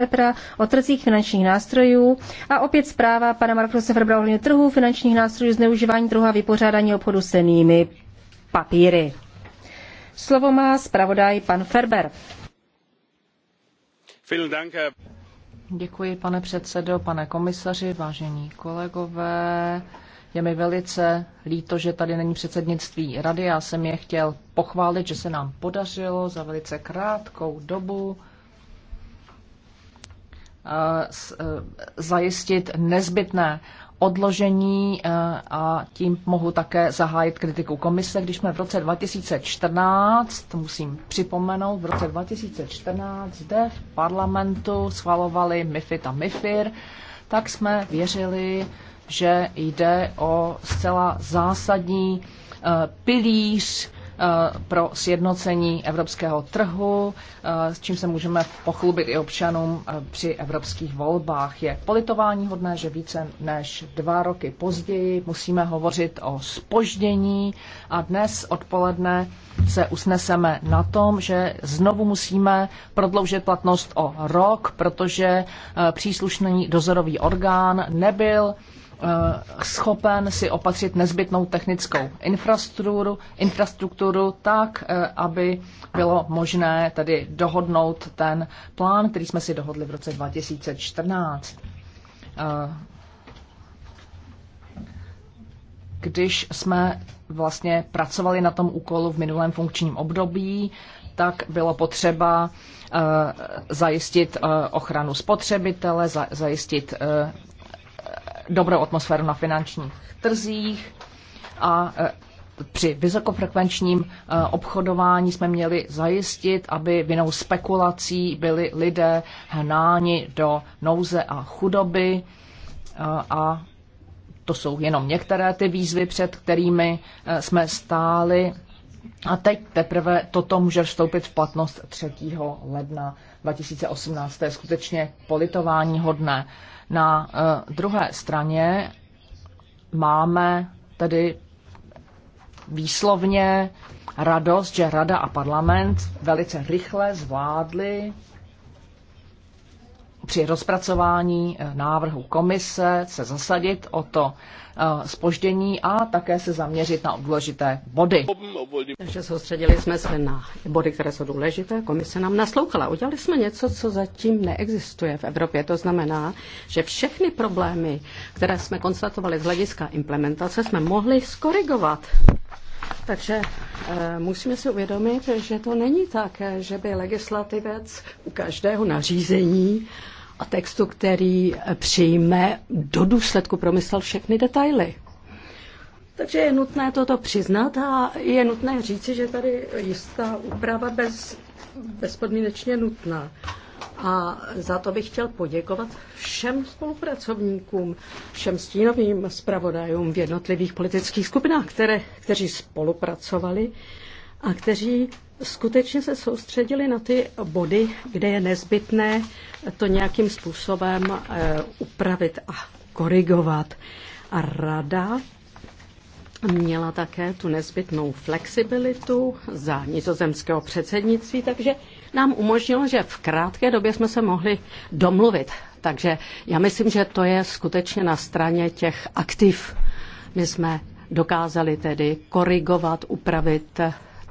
Petra o trzích finančních nástrojů a opět zpráva pana Marku Ferbra ohledně trhu finančních nástrojů, zneužívání trhu a vypořádání obchodu s cenými papíry. Slovo má zpravodaj pan Ferber. Děkuji, pane předsedo, pane komisaři, vážení kolegové. Je mi velice líto, že tady není předsednictví rady. Já jsem je chtěl pochválit, že se nám podařilo za velice krátkou dobu Eh, eh, zajistit nezbytné odložení eh, a tím mohu také zahájit kritiku komise, když jsme v roce 2014, to musím připomenout, v roce 2014 zde v parlamentu schvalovali MIFID a MIFIR, tak jsme věřili, že jde o zcela zásadní pilíř Eh, pro sjednocení evropského trhu, eh, s čím se můžeme pochlubit i občanům eh, při evropských volbách. Je politování hodné, že více než dva roky později musíme hovořit o spoždění a dnes odpoledne se usneseme na tom, že znovu musíme prodloužit platnost o rok, protože příslušný dozorový orgán nebyl Eh, schopen si opatřit nezbytnou technickou infrastrukturu, infrastrukturu tak, eh, aby bylo možné tedy dohodnout ten plán, který jsme si dohodli v roce 2014. Eh, když jsme vlastně pracovali na tom úkolu v minulém funkčním období, tak bylo potřeba zajistit ochranu spotřebitele, zajistit dobrou atmosféru na finančních trzích a e, při vysokofrekvenčním e, obchodování jsme měli zajistit, aby vinou spekulací byli lidé hnáni do nouze a chudoby e, a to jsou jenom některé ty výzvy, před kterými jsme stáli a teď teprve toto může vstoupit v platnost 3. ledna 2018. To je skutečně politování hodné. Na uh, druhé straně máme tedy výslovně radost, že Rada a parlament velice rychle zvládli při rozpracování eh, návrhu komise se zasadit o to spoždění eh, a také se zaměřit na důležité body. Takže soustředili jsme se na body, které jsou důležité. Komise nám naslouchala. Udělali jsme něco, co zatím neexistuje v Evropě. To znamená, že všechny problémy, které jsme konstatovali z hlediska implementace, jsme mohli skorigovat. Takže e, musíme si uvědomit, že to není tak, že by legislativec u každého nařízení a textu, který přijme do důsledku promyslel všechny detaily. Takže je nutné toto přiznat a je nutné říci, že tady jistá úprava bez, bezpodmínečně nutná. A za to bych chtěl poděkovat všem spolupracovníkům, všem stínovým zpravodajům v jednotlivých politických skupinách, které, kteří spolupracovali a kteří skutečně se soustředili na ty body, kde je nezbytné to nějakým způsobem eh, upravit a korigovat. A rada měla také tu nezbytnou flexibilitu za nizozemského předsednictví, takže nám umožnilo, že v krátké době jsme se mohli domluvit. Takže já myslím, že to je skutečně na straně těch aktiv. My jsme dokázali tedy korigovat, upravit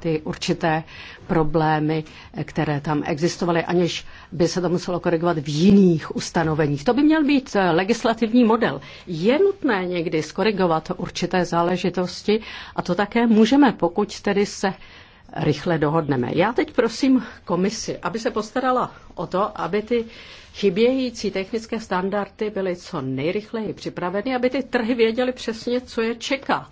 ty určité problémy, které tam existovaly, aniž by se to muselo korigovat v jiných ustanoveních. To by měl být eh, legislativní model. Je nutné někdy skorigovat určité záležitosti a to také můžeme, pokud tedy se rychle dohodneme. Já teď prosím komisi, aby se postarala o to, aby ty chybějící technické standardy byly co nejrychleji připraveny, aby ty trhy věděly přesně, co je čeká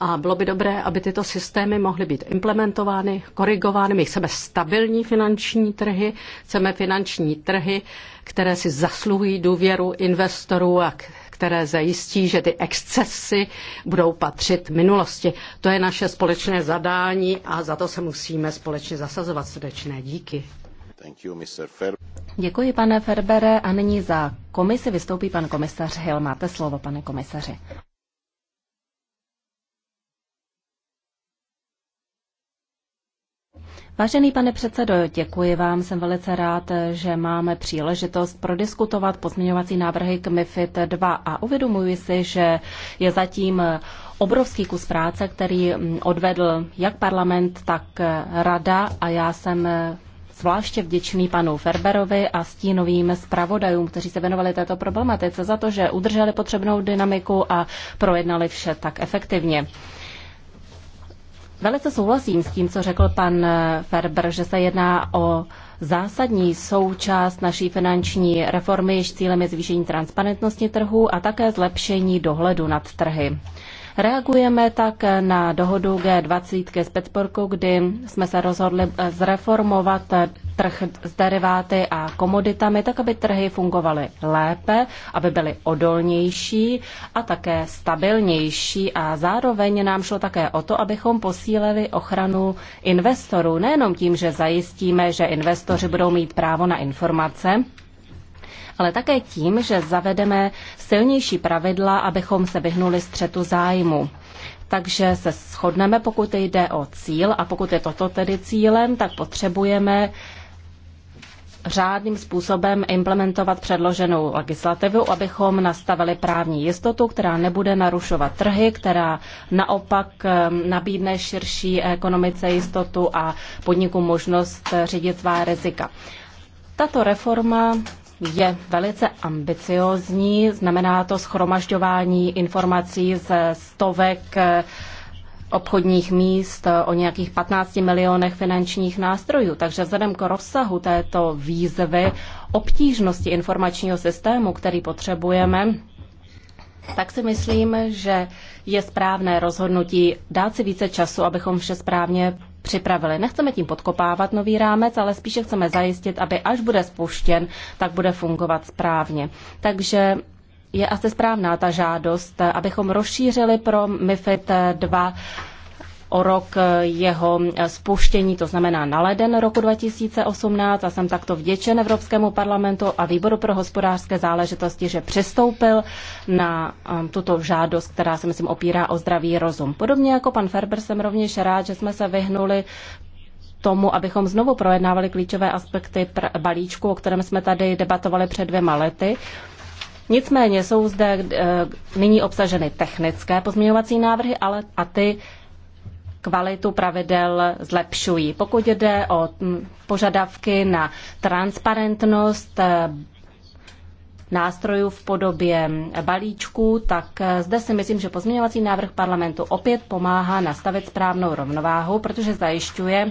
a bylo by dobré, aby tyto systémy mohly být implementovány, korigovány. My chceme stabilní finanční trhy, chceme finanční trhy, které si zasluhují důvěru investorů a které zajistí, že ty excesy budou patřit minulosti. To je naše společné zadání a za to se musíme společně zasazovat. Srdečné díky. You, Děkuji, pane Ferbere. A nyní za komisi vystoupí pan komisař Hill. Máte slovo, pane komisaři. Vážený pane předsedo, děkuji vám. Jsem velice rád, že máme příležitost prodiskutovat pozměňovací návrhy k MIFID 2 a uvědomuji si, že je zatím obrovský kus práce, který mm, odvedl jak parlament, tak rada a já jsem zvláště vděčný panu Ferberovi a stínovým zpravodajům, kteří se věnovali této problematice za to, že udrželi potřebnou dynamiku a projednali vše tak efektivně. Velice souhlasím s tím, co řekl pan eh, Ferber, že se jedná o zásadní součást naší finanční reformy, jež cílem je zvýšení transparentnosti trhu a také zlepšení dohledu nad trhy. Reagujeme tak na dohodu G20 s Spetsporku, kdy jsme se rozhodli eh, zreformovat eh, trh s deriváty a komoditami, tak aby trhy fungovaly lépe, aby byly odolnější a také stabilnější. A zároveň nám šlo také o to, abychom posílili ochranu investorů, nejenom tím, že zajistíme, že investoři budou mít právo na informace, ale také tím, že zavedeme silnější pravidla, abychom se vyhnuli střetu zájmu. Takže se shodneme, pokud jde o cíl a pokud je toto tedy cílem, tak potřebujeme řádným způsobem implementovat předloženou legislativu, abychom nastavili právní jistotu, která nebude narušovat trhy, která naopak nabídne širší ekonomice jistotu a podniku možnost řídit svá rizika. Tato reforma je velice ambiciozní. Znamená to schromažďování informací ze stovek eh, obchodních míst eh, o nějakých 15 milionech finančních nástrojů. Takže vzhledem k rozsahu této výzvy, obtížnosti informačního systému, který potřebujeme, tak si myslím, že je správné rozhodnutí dát si více času, abychom vše správně připravili. Nechceme tím podkopávat nový rámec, ale spíše chceme zajistit, aby až bude spuštěn, tak bude fungovat správně. Takže je asi správná ta žádost, abychom rozšířili pro MIFID 2 o rok jeho spuštění, to znamená na leden roku 2018 a jsem takto vděčen Evropskému parlamentu a výboru pro hospodářské záležitosti, že přestoupil na um, tuto žádost, která se myslím opírá o zdravý rozum. Podobně jako pan Ferber jsem rovněž rád, že jsme se vyhnuli tomu, abychom znovu projednávali klíčové aspekty balíčku, o kterém jsme tady debatovali před dvěma lety. Nicméně jsou zde e, nyní obsaženy technické pozměňovací návrhy, ale a ty kvalitu pravidel zlepšují. Pokud jde o mm, požadavky na transparentnost eh, nástrojů v podobě balíčků, tak eh, zde si myslím, že pozměňovací návrh parlamentu opět pomáhá nastavit správnou rovnováhu, protože zajišťuje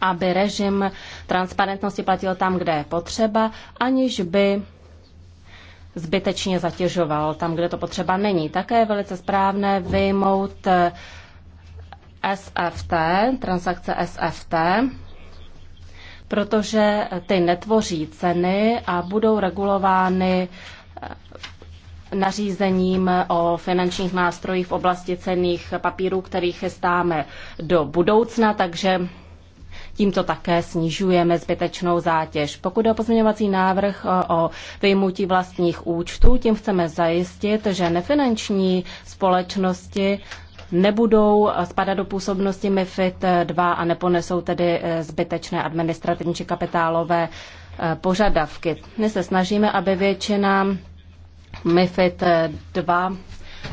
aby režim transparentnosti platil tam, kde je potřeba, aniž by zbytečně zatěžoval tam, kde to potřeba není. Také je velice správné vyjmout eh, SFT, transakce SFT, protože ty netvoří ceny a budou regulovány eh, nařízením o finančních nástrojích v oblasti cených papírů, který chystáme do budoucna, takže Tímto také snižujeme zbytečnou zátěž. Pokud je o pozměňovací návrh eh, o vyjmutí vlastních účtů, tím chceme zajistit, že nefinanční společnosti nebudou spadat do působnosti MIFID 2 a neponesou tedy eh, zbytečné administrativní či kapitálové eh, požadavky. My se snažíme, aby většina MIFID 2 eh,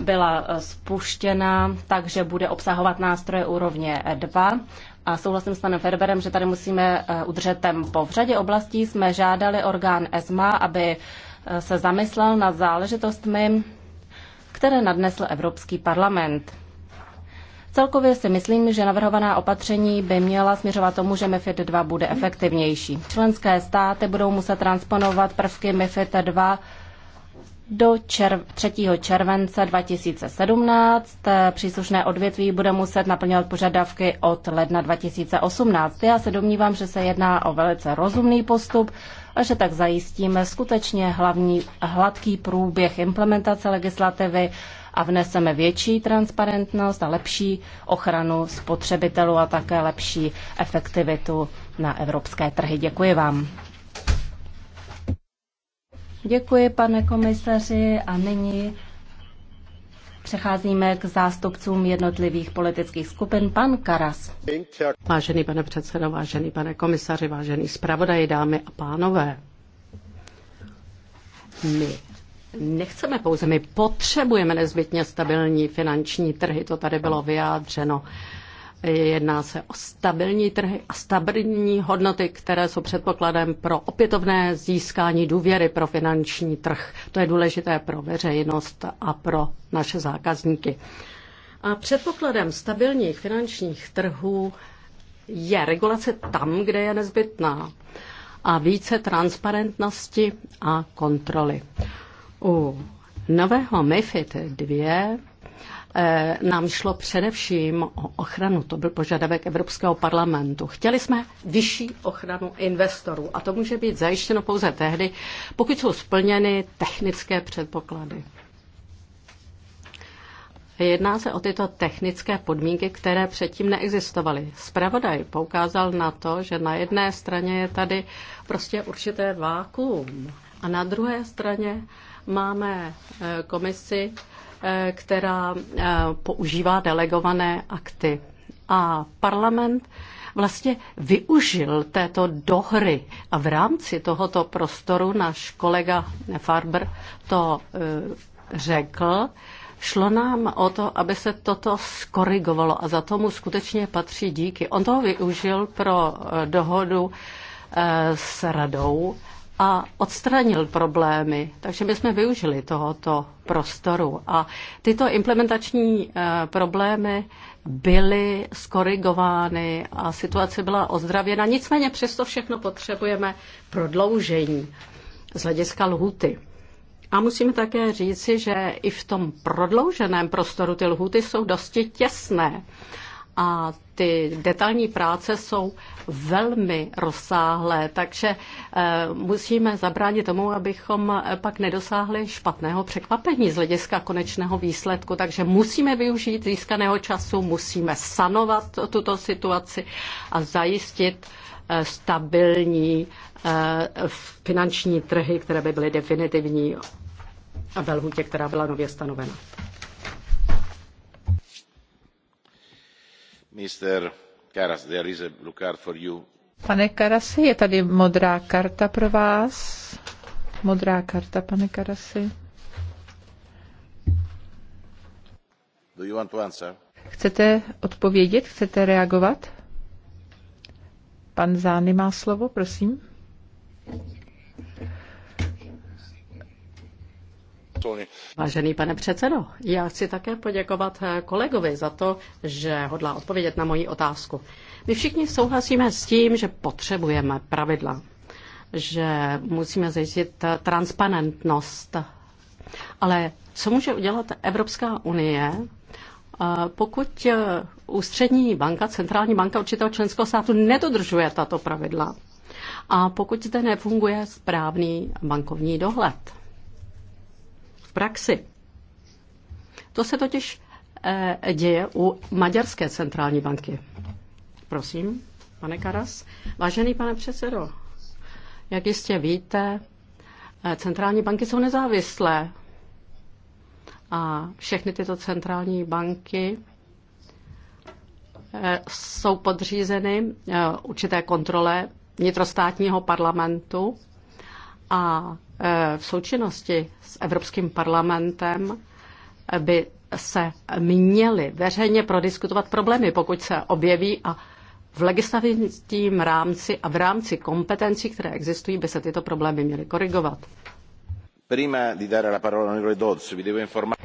byla spuštěna, takže bude obsahovat nástroje úrovně 2. A souhlasím s panem Ferberem, že tady musíme udržet tempo. V řadě oblastí jsme žádali orgán ESMA, aby se zamyslel nad záležitostmi, které nadnesl Evropský parlament. Celkově si myslím, že navrhovaná opatření by měla směřovat tomu, že MIFID 2 bude efektivnější. Členské státy budou muset transponovat prvky MIFID 2 do červ- 3. července 2017. Příslušné odvětví bude muset naplňovat požadavky od ledna 2018. Já se domnívám, že se jedná o velice rozumný postup a že tak zajistíme skutečně hlavní hladký průběh implementace legislativy a vneseme větší transparentnost a lepší ochranu spotřebitelů a také lepší efektivitu na evropské trhy. Děkuji vám. Děkuji, pane komisaři, a nyní Přecházíme k zástupcům jednotlivých politických skupin. Pan Karas. Vážený pane předsedo, vážený pane komisaři, vážený zpravodaj, dámy a pánové. My nechceme pouze, my potřebujeme nezbytně stabilní finanční trhy, to tady bylo vyjádřeno. Jedná se o stabilní trhy a stabilní hodnoty, které jsou předpokladem pro opětovné získání důvěry pro finanční trh. To je důležité pro veřejnost a pro naše zákazníky. A předpokladem stabilních finančních trhů je regulace tam, kde je nezbytná a více transparentnosti a kontroly. U nového MIFID 2 eh, nám šlo především o ochranu, to byl požadavek Evropského parlamentu. Chtěli jsme vyšší ochranu investorů a to může být zajištěno pouze tehdy, pokud jsou splněny technické předpoklady. Jedná se o tyto technické podmínky, které předtím neexistovaly. Spravodaj poukázal na to, že na jedné straně je tady prostě určité vákuum a na druhé straně Máme eh, komisi, eh, která eh, používá delegované akty. A parlament vlastně využil této dohry a v rámci tohoto prostoru náš kolega Farber to řekl, Šlo nám o to, aby se toto skorigovalo a za tomu skutečně patří díky. On to využil pro dohodu s radou a odstranil problémy. Takže my jsme využili tohoto prostoru a tyto implementační eh, problémy byly skorigovány a situace byla ozdravěna. Nicméně přesto všechno potřebujeme prodloužení z hlediska lhuty. A musíme také říci, že i v tom prodlouženém prostoru ty lhuty jsou dosti těsné a ty detailní práce jsou velmi rozsáhlé, takže eh, musíme zabránit tomu, abychom pak nedosáhli špatného překvapení z hlediska konečného výsledku. Takže musíme využít získaného času, musíme sanovat tuto situaci a zajistit eh, stabilní eh, finanční trhy, které by byly definitivní a ve lhutě, která byla nově stanovena. Karas, Pane Karasi, je tady modrá karta pro vás. Modrá karta, pane Karasi. Chcete odpovědět? Chcete reagovat? Pan zanni má slovo, prosím. Vážený pane předsedo, já chci také poděkovat eh, kolegovi za to, že hodlá odpovědět na moji otázku. My všichni souhlasíme s tím, že potřebujeme pravidla, že musíme zajistit eh, transparentnost. Ale co může udělat Evropská unie, eh, pokud ústřední banka, centrální banka určitého členského státu nedodržuje tato pravidla? A pokud zde nefunguje správný bankovní dohled? praxi. To se totiž eh, děje u Maďarské centrální banky. Prosím, pane Karas. Vážený pane předsedo, jak jistě víte, eh, centrální banky jsou nezávislé a všechny tyto centrální banky eh, jsou podřízeny určité kontrole vnitrostátního parlamentu a Eh, v součinnosti s Evropským parlamentem by se měly veřejně prodiskutovat problémy, pokud se objeví a v legislativním rámci a v rámci kompetencí, které existují, by se tyto problémy měly korigovat.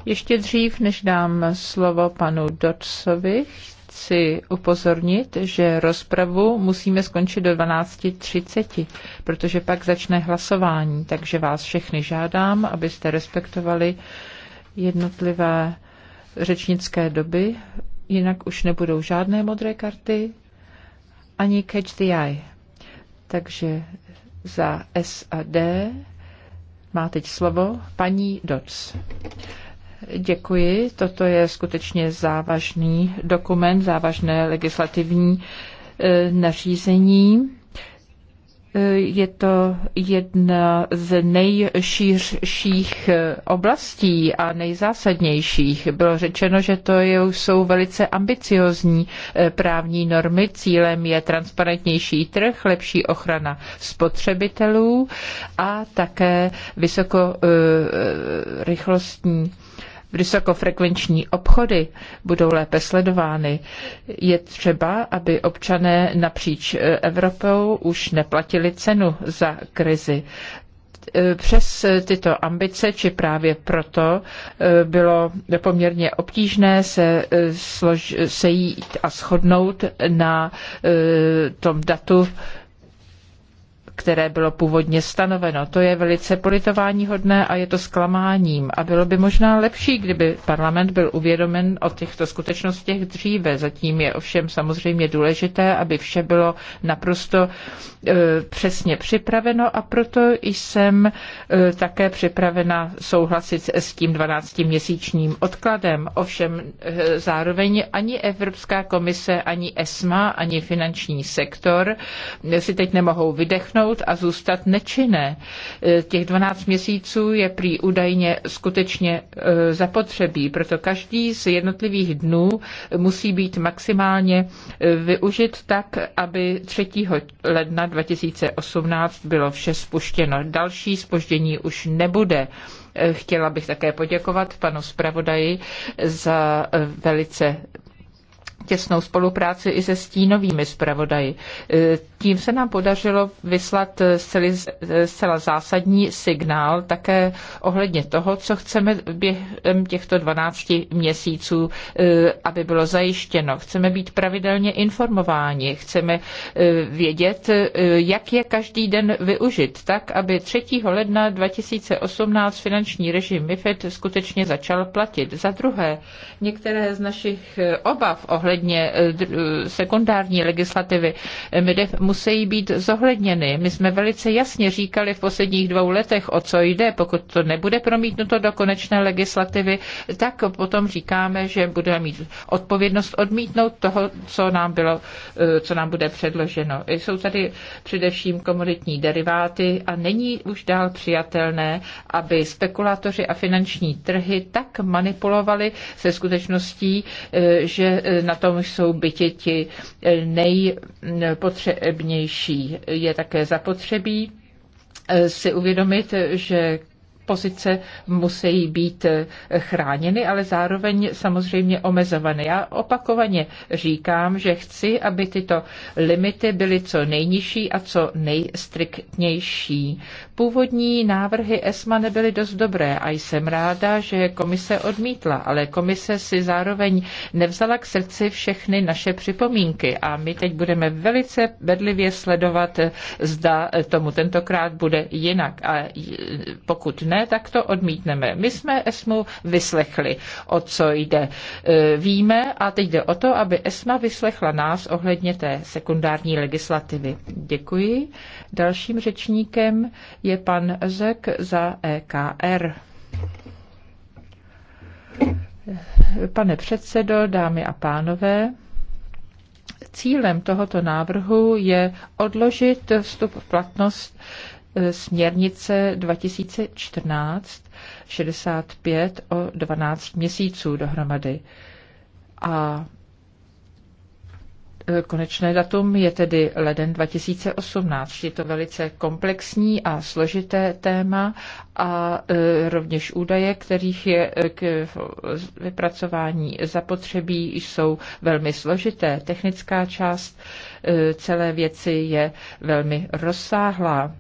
Ještě dřív, než dám slovo panu Dodsovi, chci upozornit, že rozpravu musíme skončit do 12.30, protože pak začne hlasování, takže vás všechny žádám, abyste respektovali jednotlivé řečnické doby, jinak už nebudou žádné modré karty, ani catch the eye. Takže za S a D má teď slovo paní Dodds. Děkuji. Toto je skutečně závažný dokument, závažné legislativní e, nařízení. E, je to jedna z nejšířších e, oblastí a nejzásadnějších. Bylo řečeno, že to jsou velice ambiciozní právní normy. Cílem je transparentnější trh, lepší ochrana spotřebitelů a také vysokorychlostní vysokofrekvenční obchody budou lépe sledovány. Je třeba, aby občané napříč e, Evropou už neplatili cenu za krizi e, přes tyto ambice, či právě proto, e, bylo poměrně obtížné se sejít a shodnout na tom datu které bylo původně stanoveno. To je velice politováníhodné a je to zklamáním. A bylo by možná lepší, kdyby parlament byl uvědomen o těchto skutečnostech dříve. Zatím je ovšem samozřejmě důležité, aby vše bylo naprosto e, přesně připraveno a proto jsem e, také připravena souhlasit s tím 12-měsíčním odkladem. Ovšem e, zároveň ani Evropská komise, ani ESMA, ani finanční sektor si teď nemohou vydechnout, zaniknout a zůstat nečinné. E, těch 12 měsíců je prý údajně skutečně e, zapotřebí, proto každý z jednotlivých dnů musí být maximálně e, využit tak, aby 3. ledna 2018 bylo vše spuštěno. Další spoždění už nebude. Chtěla bych také poděkovat panu zpravodaji za velice těsnou spolupráci i se stínovými zpravodaji. E, tím se nám podařilo vyslat e, e, zcela zásadní signál také ohledně toho, co chceme během těchto 12 měsíců, aby bylo zajištěno. Chceme být pravidelně informováni, chceme vědět, jak je každý den využit, tak, aby 3. ledna 2018 finanční režim MIFID skutečně začal platit. Za druhé, některé z našich obav ohledně ohledně eh, eh, sekundární legislativy MIDEF musí být zohledněny. My jsme velice jasně říkali v posledních dvou letech, o co jde. Pokud to nebude promítnuto do konečné legislativy, tak potom říkáme, že budeme mít odpovědnost odmítnout toho, co nám, bylo, eh, co nám bude předloženo. Jsou tady především komoditní deriváty a není už dál přijatelné, aby spekulátoři a finanční trhy tak manipulovali se skutečností, že na to potom jsou bytě ti nejpotřebnější. Je také zapotřebí si uvědomit, že pozice musí být eh, chráněny, ale zároveň samozřejmě omezované. Já opakovaně říkám, že chci, aby tyto limity byly co nejnižší a co nejstriktnější. Původní návrhy ESMA nebyly dost dobré a jsem ráda, že komise odmítla, ale komise si zároveň nevzala k srdci všechny naše připomínky a my teď budeme velice bedlivě sledovat, eh, zda eh, tomu tentokrát bude jinak. A pokud ne, ne, tak to odmítneme. My jsme ESMu vyslechli, o co jde. E, víme a teď jde o to, aby ESMA vyslechla nás ohledně té sekundární legislativy. Děkuji. Dalším řečníkem je pan Zek za EKR. Pane předsedo, dámy a pánové, cílem tohoto návrhu je odložit vstup v platnost E, směrnice 2014 65 o 12 měsíců dohromady. A e, konečné datum je tedy leden 2018. Je to velice komplexní a složité téma a e, rovněž údaje, kterých je k vypracování zapotřebí, jsou velmi složité. Technická část celé věci je velmi rozsáhlá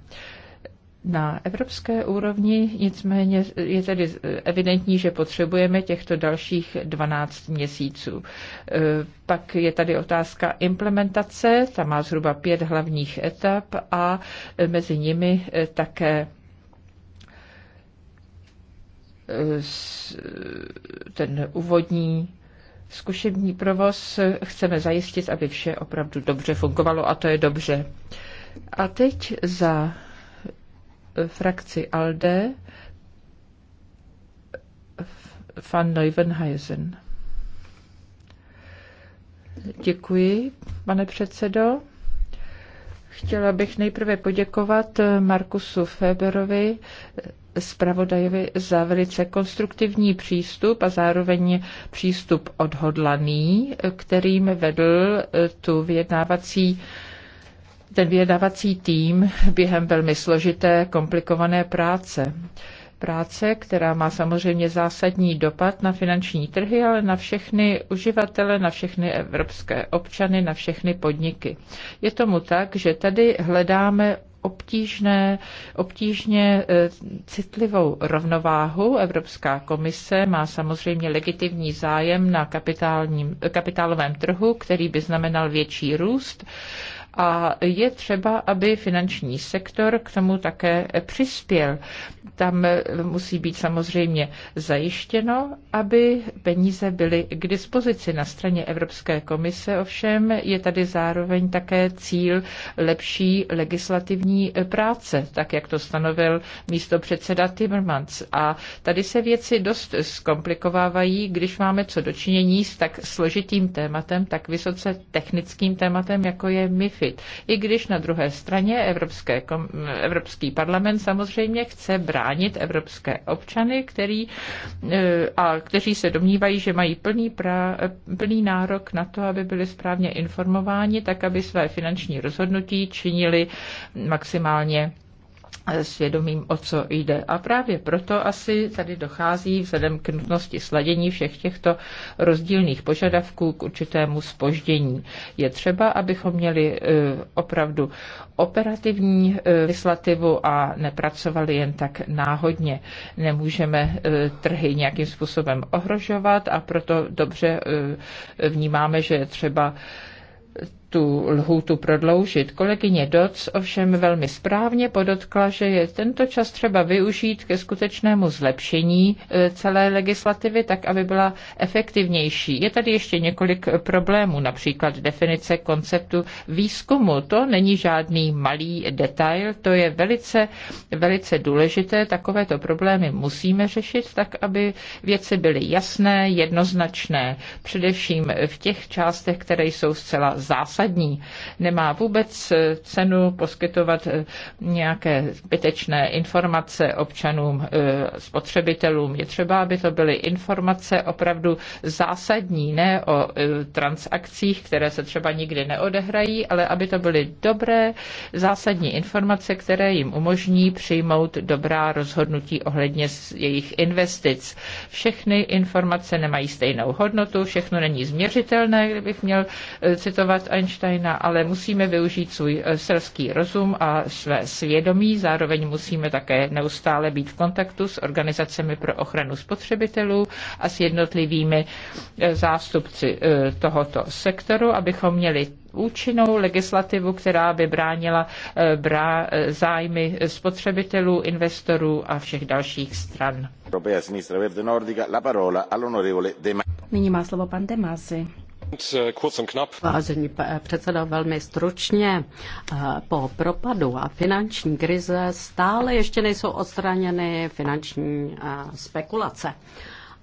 na evropské úrovni, nicméně je tedy evidentní, že potřebujeme těchto dalších 12 měsíců. E, pak je tady otázka implementace, ta má zhruba pět hlavních etap a mezi nimi e, také e, ten úvodní zkušební provoz. Chceme zajistit, aby vše opravdu dobře fungovalo a to je dobře. A teď za frakci ALDE van Neuvenhuizen. Děkuji, pane předsedo. Chtěla bych nejprve poděkovat Markusu Feberovi, zpravodajovi, za velice konstruktivní přístup a zároveň přístup odhodlaný, kterým vedl tu vyjednávací ten vyjednavací tým během velmi složité, komplikované práce. Práce, která má samozřejmě zásadní dopad na finanční trhy, ale na všechny uživatele, na všechny evropské občany, na všechny podniky. Je tomu tak, že tady hledáme obtížné, obtížně e, citlivou rovnováhu. Evropská komise má samozřejmě legitimní zájem na kapitálním, kapitálovém trhu, který by znamenal větší růst a je třeba, aby finanční sektor k tomu také přispěl. Tam musí být samozřejmě zajištěno, aby peníze byly k dispozici. Na straně Evropské komise ovšem je tady zároveň také cíl lepší legislativní práce, tak jak to stanovil místo předseda Timmermans. A tady se věci dost zkomplikovávají, když máme co dočinění s tak složitým tématem, tak vysoce technickým tématem, jako je MIFI pochopit. I když na druhé straně Evropské, Evropský parlament samozřejmě chce bránit evropské občany, který, eh, a kteří se domnívají, že mají plný, pra, plný nárok na to, aby byli správně informováni, tak aby své finanční rozhodnutí činili maximálně svědomím, o co jde. A právě proto asi tady dochází vzhledem k nutnosti sladění všech těchto rozdílných požadavků k určitému spoždění. Je třeba, abychom měli e, opravdu operativní e, legislativu a nepracovali jen tak náhodně. Nemůžeme e, trhy nějakým způsobem ohrožovat a proto dobře vnímáme, že je třeba tu lhůtu prodloužit. Kolegyně Doc ovšem velmi správně podotkla, že je tento čas třeba využít ke skutečnému zlepšení e, celé legislativy, tak aby byla efektivnější. Je tady ještě několik problémů, například definice konceptu výzkumu. To není žádný malý detail, to je velice, velice důležité. Takovéto problémy musíme řešit tak, aby věci byly jasné, jednoznačné, především v těch částech, které jsou zcela zásadní zásadní. Nemá vůbec eh, cenu poskytovat eh, nějaké zbytečné informace občanům, eh, spotřebitelům. Je třeba, aby to byly informace opravdu zásadní, ne o transakcích, které se třeba nikdy neodehrají, ale aby to byly dobré, zásadní informace, které jim umožní přijmout dobrá rozhodnutí ohledně jejich investic. Všechny informace nemají stejnou hodnotu, všechno není změřitelné, kdybych měl citovat Einstein Wittgensteina, ale musíme využít svůj eh, selský rozum a své svědomí. Zároveň musíme také neustále být v kontaktu s organizacemi pro ochranu spotřebitelů a s jednotlivými eh, zástupci eh, tohoto sektoru, abychom měli účinnou legislativu, která by bránila brá, zájmy spotřebitelů, investorů a všech dalších stran. Nyní má slovo pan Demasi. Vážení velmi stručně. Eh, po propadu a finanční krize stále ještě nejsou odstraněny finanční eh, spekulace.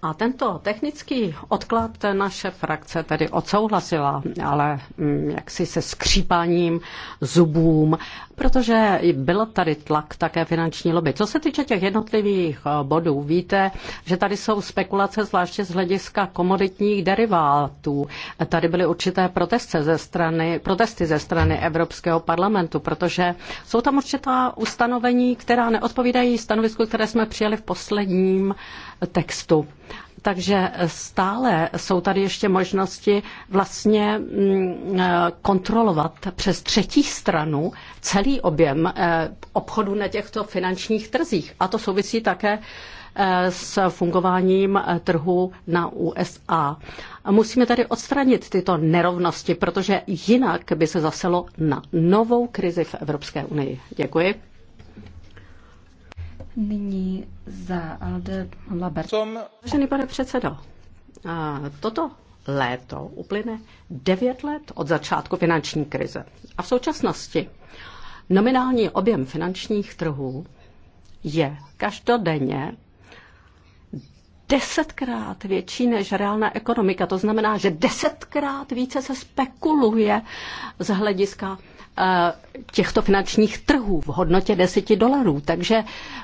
A tento technický odklad naše frakce tedy odsouhlasila, ale mm, jaksi se skřípáním zubům, protože byl tady tlak také finanční lobby. Co se týče těch jednotlivých eh, bodů, víte, že tady jsou spekulace zvláště z hlediska komoditních derivátů. Tady byly určité protesty ze strany, protesty ze strany Evropského parlamentu, protože jsou tam určitá ustanovení, která neodpovídají stanovisku, které jsme přijali v posledním textu takže stále jsou tady ještě možnosti vlastně mm, eh, kontrolovat přes třetí stranu celý objem eh, obchodu na těchto finančních trzích. A to souvisí také eh, s fungováním trhu na USA. Musíme tady odstranit tyto nerovnosti, protože jinak by se zaselo na novou krizi v Evropské unii. Děkuji. Nyní za Alde Labert. Vážený pane předsedo, toto léto uplyne 9 let od začátku finanční krize. A v současnosti nominální objem finančních trhů je každodenně desetkrát větší než reálná ekonomika. To znamená, že desetkrát více se spekuluje z hlediska eh, těchto finančních trhů v hodnotě 10 dolarů. Takže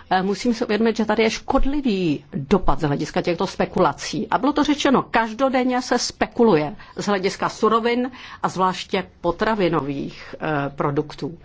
eh, musím si uvědomit, že tady je škodlivý dopad z hlediska těchto spekulací. A bylo to řečeno, každodenně se spekuluje z hlediska surovin a zvláště potravinových eh, produktů.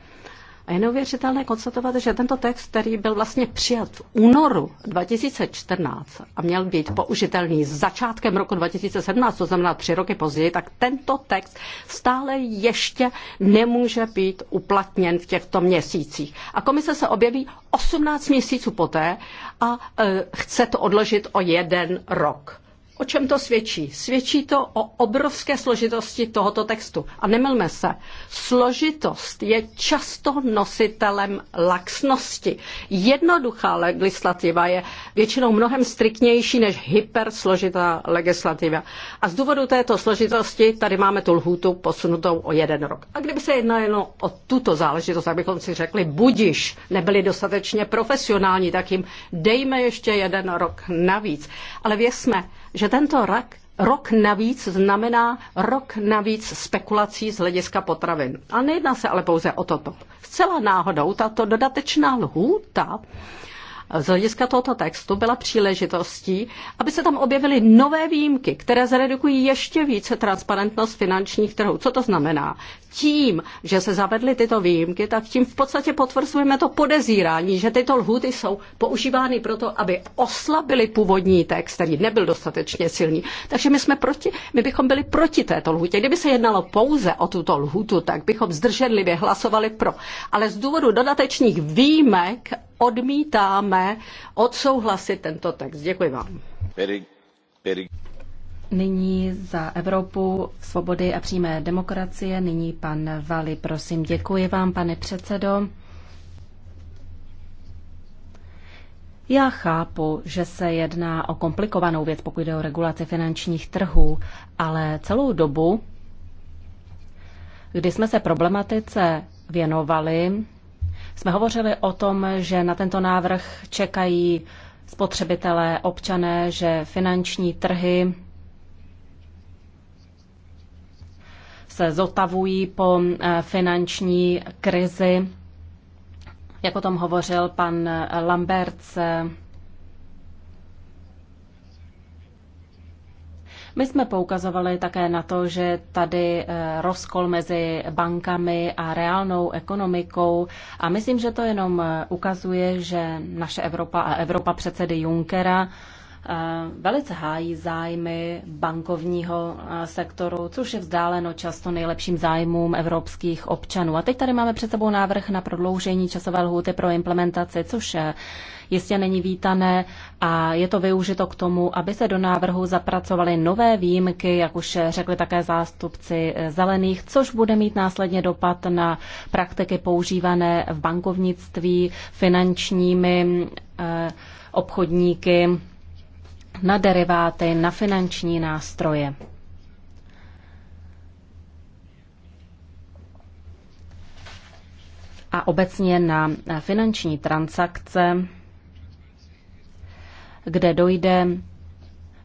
A je neuvěřitelné konstatovat, že tento text, který byl vlastně přijat v únoru 2014 a měl být použitelný začátkem roku 2017, to znamená tři roky později, tak tento text stále ještě nemůže být uplatněn v těchto měsících. A komise se objeví 18 měsíců poté a e, chce to odložit o jeden rok. O čem to svědčí? Svědčí to o obrovské složitosti tohoto textu. A nemilme se, složitost je často nositelem laxnosti. Jednoduchá legislativa je většinou mnohem striktnější než hypersložitá legislativa. A z důvodu této složitosti tady máme tu lhůtu posunutou o jeden rok. A kdyby se jednalo jen o tuto záležitost, tak bychom si řekli, budiš, nebyli dostatečně profesionální, tak jim dejme ještě jeden rok navíc. Ale věsme, že tento rak Rok navíc znamená rok navíc spekulací z hlediska potravin. A nejedná se ale pouze o toto. Zcela náhodou tato dodatečná lhůta z hlediska tohoto textu byla příležitostí, aby se tam objevily nové výjimky, které zredukují ještě více transparentnost finančních trhů. Co to znamená? Tím, že se zavedly tyto výjimky, tak tím v podstatě potvrzujeme to podezírání, že tyto lhuty jsou používány proto, aby oslabili původní text, který nebyl dostatečně silný. Takže my jsme proti, my bychom byli proti této lhutě. Kdyby se jednalo pouze o tuto lhutu, tak bychom zdrženlivě hlasovali pro. Ale z důvodu dodatečných výjimek odmítáme odsouhlasit tento text. Děkuji vám. Nyní za Evropu svobody a přímé demokracie. Nyní pan Vali, prosím. Děkuji vám, pane předsedo. Já chápu, že se jedná o komplikovanou věc, pokud jde o regulaci finančních trhů, ale celou dobu, kdy jsme se problematice věnovali, jsme hovořili o tom, že na tento návrh čekají spotřebitelé, občané, že finanční trhy se zotavují po eh, finanční krizi. Jak o tom hovořil pan Lamberts, My jsme poukazovali také na to, že tady eh, rozkol mezi bankami a reálnou ekonomikou a myslím, že to jenom eh, ukazuje, že naše Evropa a Evropa předsedy Junckera Eh, velice hájí zájmy bankovního eh, sektoru, což je vzdáleno často nejlepším zájmům evropských občanů. A teď tady máme před sebou návrh na prodloužení časové lhůty pro implementaci, což je eh, jistě není vítané a je to využito k tomu, aby se do návrhu zapracovaly nové výjimky, jak už řekli také zástupci zelených, což bude mít následně dopad na praktiky používané v bankovnictví finančními obchodníky na deriváty, na finanční nástroje. A obecně na finanční transakce, kde dojde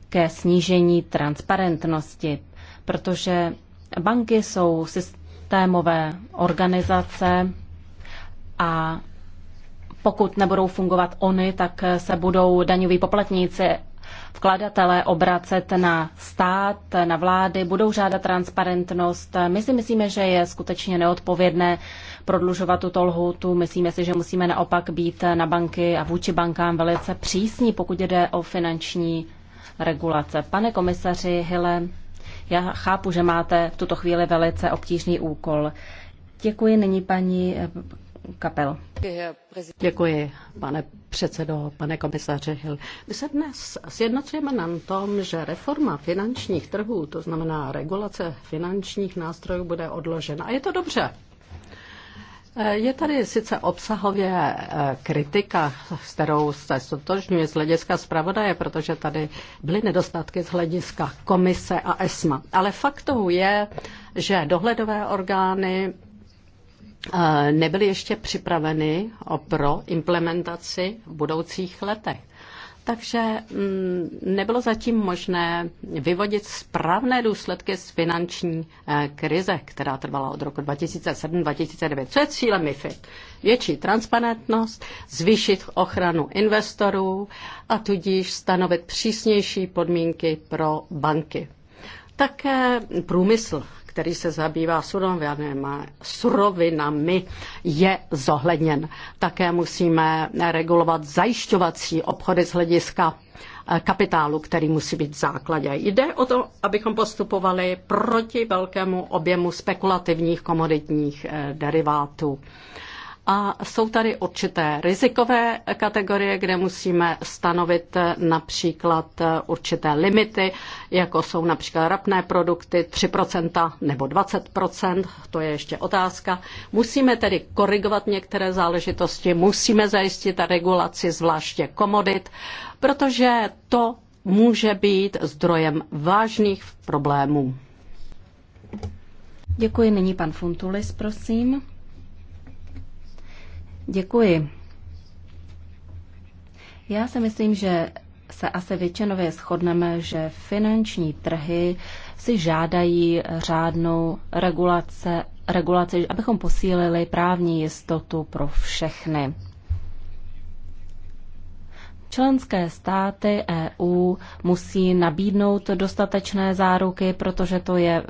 ke snížení transparentnosti, protože banky jsou systémové organizace a pokud nebudou fungovat oni, tak se budou daňoví poplatníci vkladatelé obracet na stát, na vlády, budou žádat transparentnost. My si myslíme, že je skutečně neodpovědné prodlužovat tuto lhůtu. Myslíme si, že musíme naopak být na banky a vůči bankám velice přísní, pokud jde o finanční regulace. Pane komisaři Hille, já chápu, že máte v tuto chvíli velice obtížný úkol. Děkuji nyní paní kapel. Děkuji, pane předsedo, pane komisaře Hill. My se dnes sjednocujeme na tom, že reforma finančních trhů, to znamená regulace finančních nástrojů, bude odložena. A je to dobře. Eh, je tady sice obsahově eh, kritika, s kterou se stotožňuje z hlediska zpravodaje, protože tady byly nedostatky z hlediska komise a ESMA. Ale faktou je, že dohledové orgány Eh, nebyly ještě připraveny pro implementaci v budoucích letech. Takže mm, nebylo zatím možné vyvodit správné důsledky z finanční eh, krize, která trvala od roku 2007-2009. Co je cílem MIFID? Větší transparentnost, zvýšit ochranu investorů a tudíž stanovit přísnější podmínky pro banky. Také průmysl který se zabývá surovinami, je zohledněn. Také musíme regulovat zajišťovací obchody z hlediska eh, kapitálu, který musí být v základě. Jde o to, abychom postupovali proti velkému objemu spekulativních komoditních eh, derivátů a jsou tady určité rizikové kategorie, kde musíme stanovit například určité limity, jako jsou například rapné produkty 3% nebo 20%, to je ještě otázka. Musíme tedy korigovat některé záležitosti, musíme zajistit regulaci zvláště komodit, protože to může být zdrojem vážných problémů. Děkuji. Nyní pan Funtulis, prosím. Děkuji. Já si myslím, že se asi většinově shodneme, že finanční trhy si žádají řádnou regulace, regulaci, abychom posílili právní jistotu pro všechny. Členské státy EU musí nabídnout dostatečné záruky, protože to je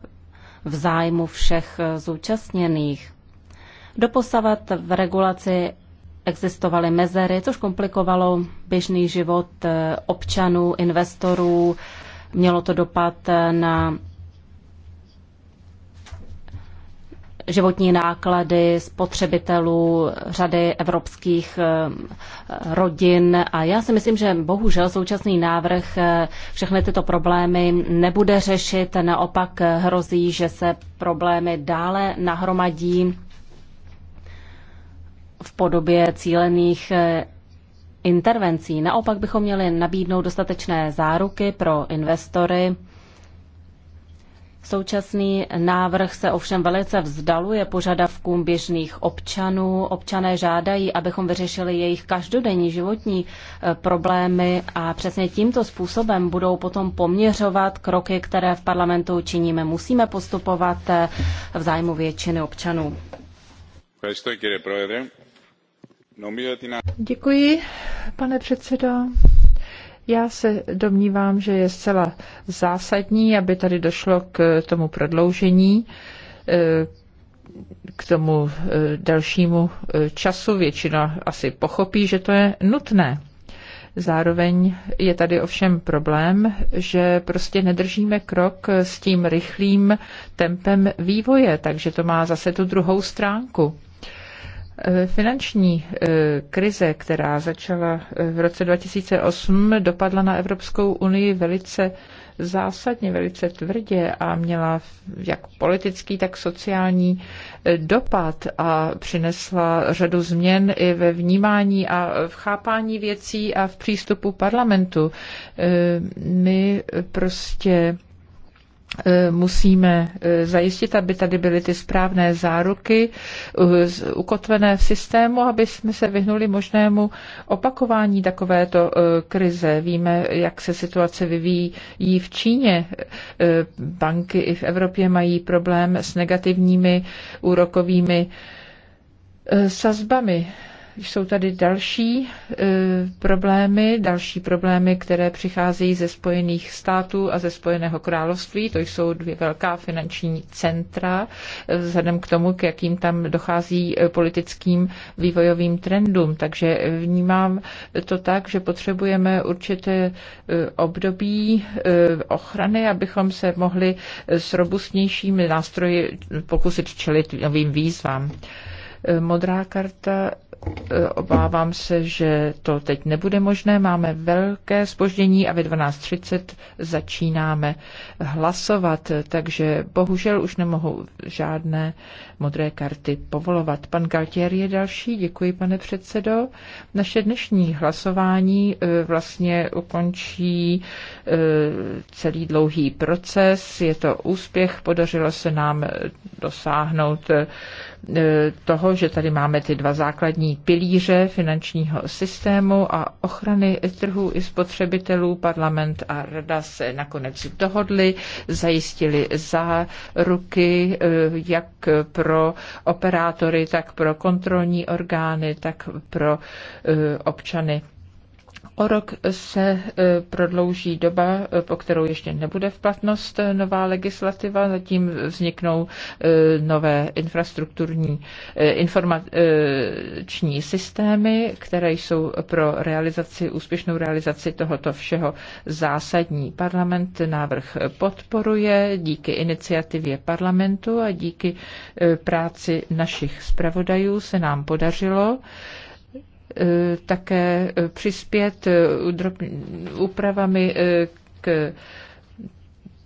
v zájmu všech zúčastněných. Doposavat v regulaci existovaly mezery, což komplikovalo běžný život eh, občanů, investorů. Mělo to dopad na životní náklady spotřebitelů řady evropských eh, rodin. A já si myslím, že bohužel současný návrh eh, všechny tyto problémy nebude řešit. Naopak hrozí, že se problémy dále nahromadí v podobě cílených eh, intervencí. Naopak bychom měli nabídnout dostatečné záruky pro investory. Současný návrh se ovšem velice vzdaluje požadavkům běžných občanů. Občané žádají, abychom vyřešili jejich každodenní životní eh, problémy a přesně tímto způsobem budou potom poměřovat kroky, které v parlamentu činíme. Musíme postupovat eh, v zájmu většiny občanů. Děkuji, pane předsedo. Já se domnívám, že je zcela zásadní, aby tady došlo k tomu prodloužení, eh, k tomu eh, dalšímu eh, času. Většina asi pochopí, že to je nutné. Zároveň je tady ovšem problém, že prostě nedržíme krok s tím rychlým tempem vývoje, takže to má zase tu druhou stránku Eh, finanční eh, krize, která začala eh, v roce 2008, dopadla na Evropskou unii velice zásadně, velice tvrdě a měla jak politický, tak sociální dopad a přinesla řadu změn i ve vnímání a v chápání věcí a v přístupu parlamentu. My prostě Eh, musíme eh, zajistit, aby tady byly ty správné záruky eh, ukotvené v systému, aby jsme se vyhnuli možnému opakování takovéto krize. Víme, jak se situace vyvíjí v Číně. Banky i v Evropě mají problém s negativními úrokovými sazbami jsou tady další e, problémy, další problémy, které přicházejí ze Spojených států a ze Spojeného království. To jsou dvě velká finanční centra, e, vzhledem k tomu, k jakým tam dochází e, politickým vývojovým trendům. Takže vnímám to tak, že potřebujeme určité e, období e, ochrany, abychom se mohli s robustnějšími nástroji pokusit čelit novým výzvám. E, modrá karta E, obávám se, že to teď nebude možné. Máme velké spoždění a ve 12.30 začínáme hlasovat, takže bohužel už nemohu žádné modré karty povolovat. Pan Galtier je další. Děkuji, pane předsedo. Naše dnešní hlasování eh, vlastně ukončí eh, celý dlouhý proces. Je to úspěch. Podařilo se nám eh, dosáhnout toho, že tady máme ty dva základní pilíře finančního systému a ochrany trhu i spotřebitelů. Parlament a rada se nakonec dohodli, zajistili za ruky jak pro pro operátory, tak pro kontrolní orgány, tak pro eh, občany. O rok se e, prodlouží doba, e, po kterou ještě nebude v platnost e, nová legislativa, zatím vzniknou nové infrastrukturní informační systémy, které jsou pro realizaci, úspěšnou realizaci tohoto všeho zásadní. Parlament návrh podporuje díky iniciativě parlamentu a díky práci našich zpravodajů se nám podařilo E, také e, přispět e, úpravami k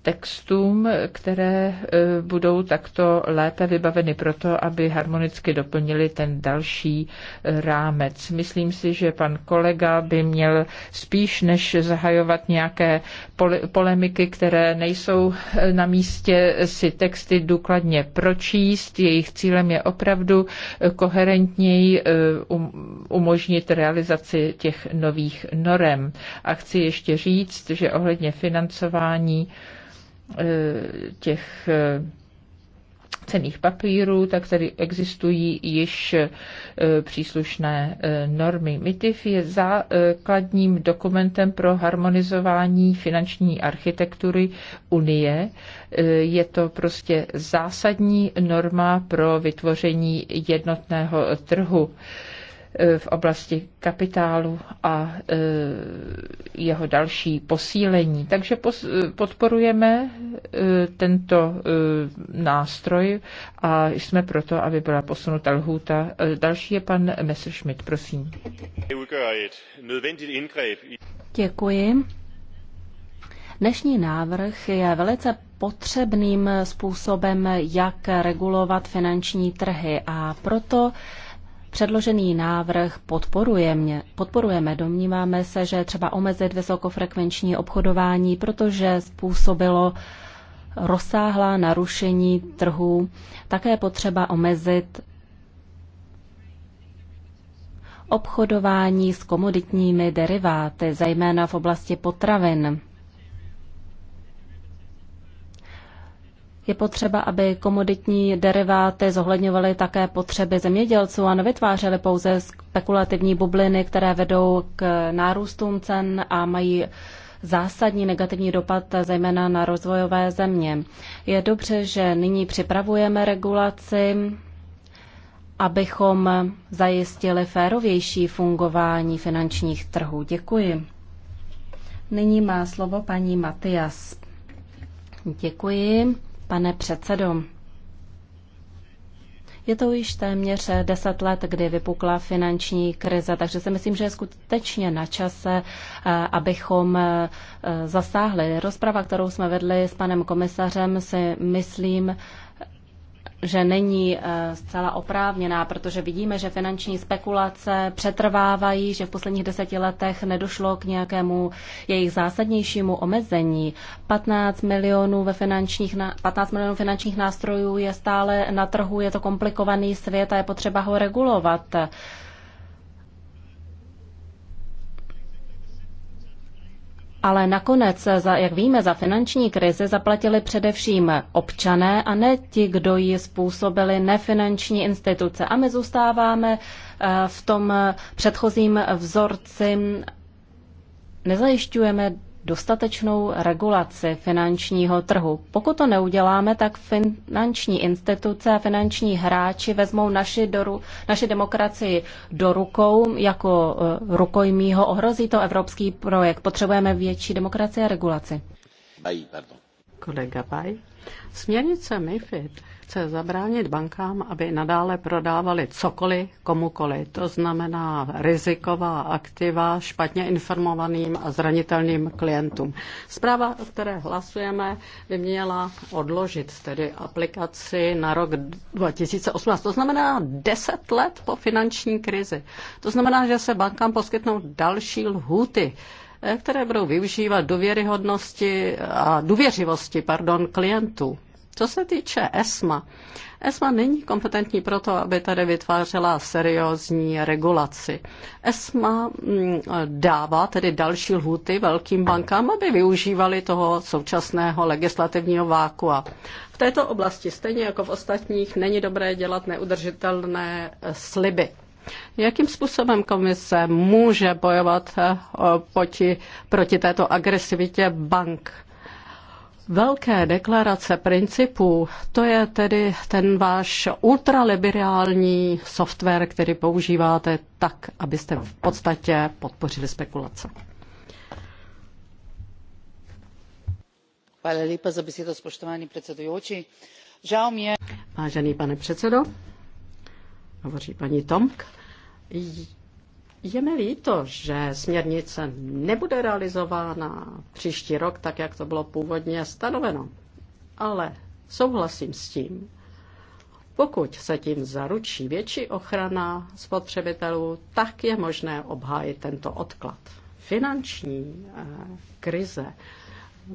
textům, které e, budou takto lépe vybaveny proto, aby harmonicky doplnili ten další e, rámec. Myslím si, že pan kolega by měl spíš než zahajovat nějaké polemiky, které nejsou e, na místě, si texty důkladně pročíst. Jejich cílem je opravdu koherentněji um-, umožnit realizaci těch nových norem. A chci ještě říct, že ohledně financování Eh, těch eh, cených papírů, tak tady existují již eh, příslušné normy. MITIF je základním dokumentem pro harmonizování finanční architektury Unie. Je to prostě zásadní norma pro vytvoření jednotného trhu. E, v oblasti kapitálu a e, jeho další posílení. Takže e, podporujeme tento nástroj a jsme proto, aby byla posunuta lhůta. Další je pan Messerschmidt, prosím. Děkuji. Dnešní návrh je velice potřebným způsobem, jak regulovat finanční trhy a proto Předložený návrh podporuje mě. podporujeme. Domníváme se, že třeba omezit vysokofrekvenční obchodování, protože způsobilo rozsáhlá narušení trhu. Také potřeba omezit obchodování s komoditními deriváty, zejména v oblasti potravin. Je potřeba, aby komoditní deriváty zohledňovaly také potřeby zemědělců a nevytvářely pouze spekulativní bubliny, které vedou k nárůstům cen a mají zásadní negativní dopad zejména na rozvojové země. Je dobře, že nyní připravujeme regulaci, abychom zajistili férovější fungování finančních trhů. Děkuji. Nyní má slovo paní Matias. Děkuji. Pane předsedo, je to již téměř deset let, kdy vypukla finanční krize, takže si myslím, že je skutečně na čase, eh, abychom eh, zasáhli. Rozprava, kterou jsme vedli s panem komisařem, si myslím, že není eh, zcela oprávněná, protože vidíme, že finanční spekulace přetrvávají, že v posledních deseti letech nedošlo k nějakému jejich zásadnějšímu omezení. 15 milionů, ve finančních, 15 milionů finančních nástrojů je stále na trhu, je to komplikovaný svět a je potřeba ho regulovat. ale nakonec, za jak víme, za finanční krizi zaplatili především občané a ne ti, kdo ji způsobili nefinanční instituce. A my zůstáváme eh, v tom předchozím vzorci, nezajišťujeme dostatečnou regulaci finančního trhu. Pokud to neuděláme, tak finanční instituce a finanční hráči vezmou naši, do, naši demokracii do rukou jako eh, rukojmího. Ohrozí to evropský projekt. Potřebujeme větší demokracii a regulaci. Baj, Kolega Baj. Směrnice MIFID chce zabránit bankám, aby nadále prodávali cokoliv komukoli. To znamená riziková aktiva špatně informovaným a zranitelným klientům. Zpráva, o které hlasujeme, by měla odložit tedy aplikaci na rok 2018. To znamená 10 let po finanční krizi. To znamená, že se bankám poskytnou další lhuty eh, které budou využívat důvěryhodnosti a důvěřivosti pardon, klientů. Co se týče ESMA, ESMA není kompetentní proto, aby tady vytvářela seriózní regulaci. ESMA mm, dává tedy další lhuty velkým bankám, aby využívali toho současného legislativního vákua. V této oblasti, stejně jako v ostatních, není dobré dělat neudržitelné eh, sliby. Jakým způsobem komise může bojovat eh, proti, proti této agresivitě bank? velké deklarace principů, to je tedy ten váš ultraliberální software, který používáte tak, abyste v podstatě podpořili spekulace. Vážený pane předsedo, hovoří paní Tomk, je mi líto, že směrnice nebude realizována příští rok, tak jak to bylo původně stanoveno. Ale souhlasím s tím, pokud se tím zaručí větší ochrana spotřebitelů, tak je možné obhájit tento odklad. Finanční eh, krize